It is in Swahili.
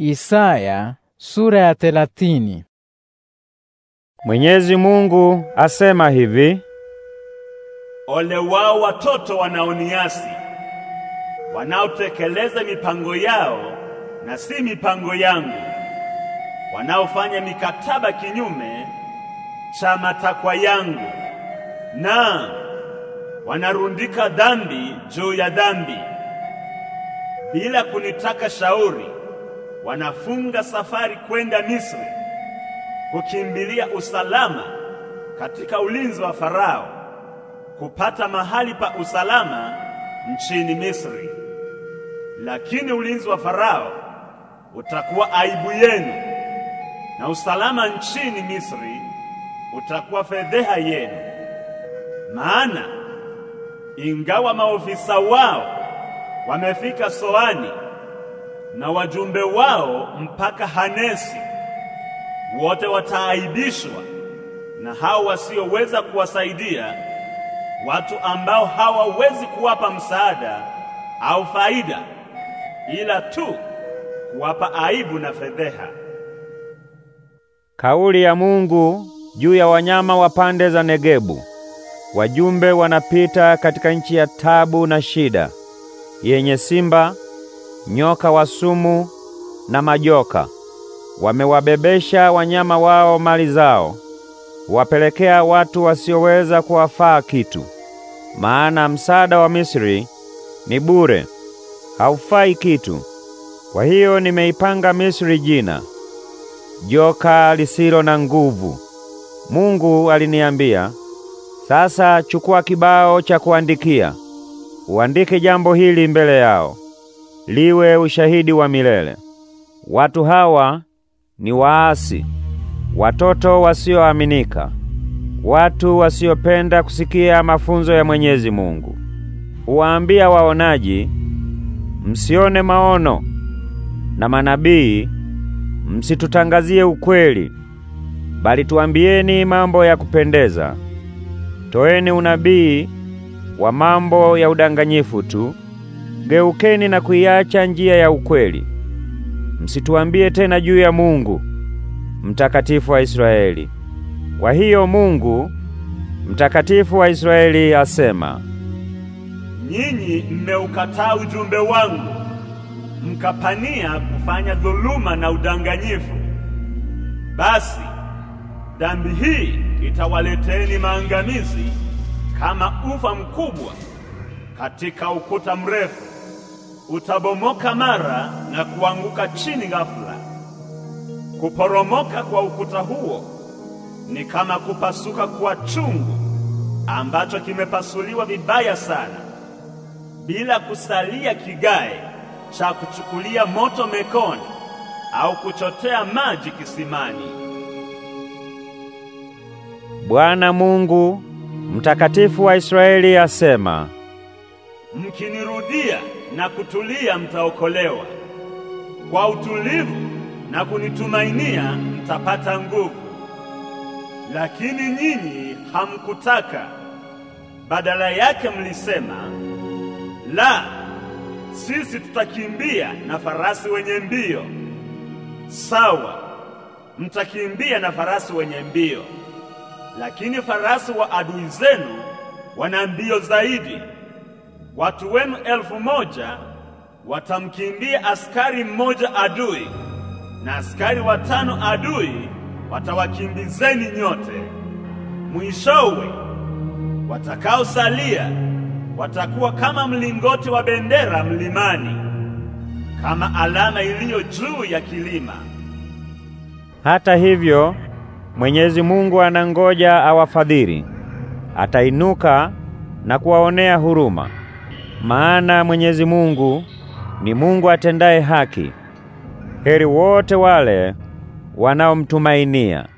Isaya sura ya thelathini. Mwenyezi Mungu asema hivi: Ole wao watoto wanaoniasi, wanaotekeleza mipango yao na si mipango yangu, wanaofanya mikataba kinyume cha matakwa yangu, na wanarundika dhambi juu ya dhambi bila kunitaka shauri wanafunga safari kwenda Misri kukimbilia usalama katika ulinzi wa Farao, kupata mahali pa usalama nchini Misri. Lakini ulinzi wa Farao utakuwa aibu yenu, na usalama nchini Misri utakuwa fedheha yenu. Maana ingawa maofisa wao wamefika Soani na wajumbe wao mpaka Hanesi. Wote wataaibishwa na hao wasioweza kuwasaidia, watu ambao hawawezi kuwapa msaada au faida, ila tu kuwapa aibu na fedheha. Kauli ya Mungu juu ya wanyama wa pande za Negebu. Wajumbe wanapita katika nchi ya tabu na shida yenye simba nyoka wa sumu na majoka. Wamewabebesha wanyama wao mali zao, wapelekea watu wasioweza kuwafaa kitu. Maana msaada wa Misri ni bure, haufai kitu. Kwa hiyo nimeipanga Misri jina, joka lisilo na nguvu. Mungu aliniambia, sasa chukua kibao cha kuandikia, uandike jambo hili mbele yao liwe ushahidi wa milele. Watu hawa ni waasi, watoto wasioaminika, watu wasiopenda kusikia mafunzo ya Mwenyezi Mungu. Uwaambia waonaji, msione maono, na manabii, msitutangazie ukweli, bali tuambieni mambo ya kupendeza. Toeni unabii wa mambo ya udanganyifu tu geukeni na kuiacha njia ya ukweli. Msituambie tena juu ya Mungu mtakatifu wa Israeli. Kwa hiyo Mungu mtakatifu wa Israeli asema, nyinyi mmeukataa ujumbe wangu, mkapania kufanya dhuluma na udanganyifu. Basi dhambi hii itawaleteni maangamizi kama ufa mkubwa katika ukuta mrefu utabomoka mara na kuanguka chini ghafula. Kuporomoka kwa ukuta huo ni kama kupasuka kwa chungu ambacho kimepasuliwa vibaya sana, bila kusalia kigae cha kuchukulia moto mekoni au kuchotea maji kisimani. Bwana Mungu mtakatifu wa Israeli asema, mkinirudia na kutulia mtaokolewa. Kwa utulivu na kunitumainia mtapata nguvu. Lakini nyinyi hamkutaka, badala yake mlisema, la, sisi tutakimbia na farasi wenye mbio. Sawa, mtakimbia na farasi wenye mbio, lakini farasi wa adui zenu wana mbio zaidi watu wenu elfu moja watamkimbia askari mmoja adui, na askari watano adui watawakimbizeni nyote. Mwishowe watakaosalia watakuwa kama mlingoti wa bendera mlimani, kama alama iliyo juu ya kilima. Hata hivyo, Mwenyezi Mungu anangoja awafadhili, atainuka na kuwaonea huruma maana Mwenyezi Mungu ni Mungu atendaye haki. Heri wote wale wanaomtumainia.